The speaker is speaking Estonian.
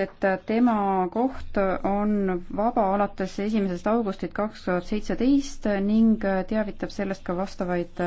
et tema koht on vaba alates esimesest augustit kaks tuhat seitseteist ning teavitab sellest ka vastavaid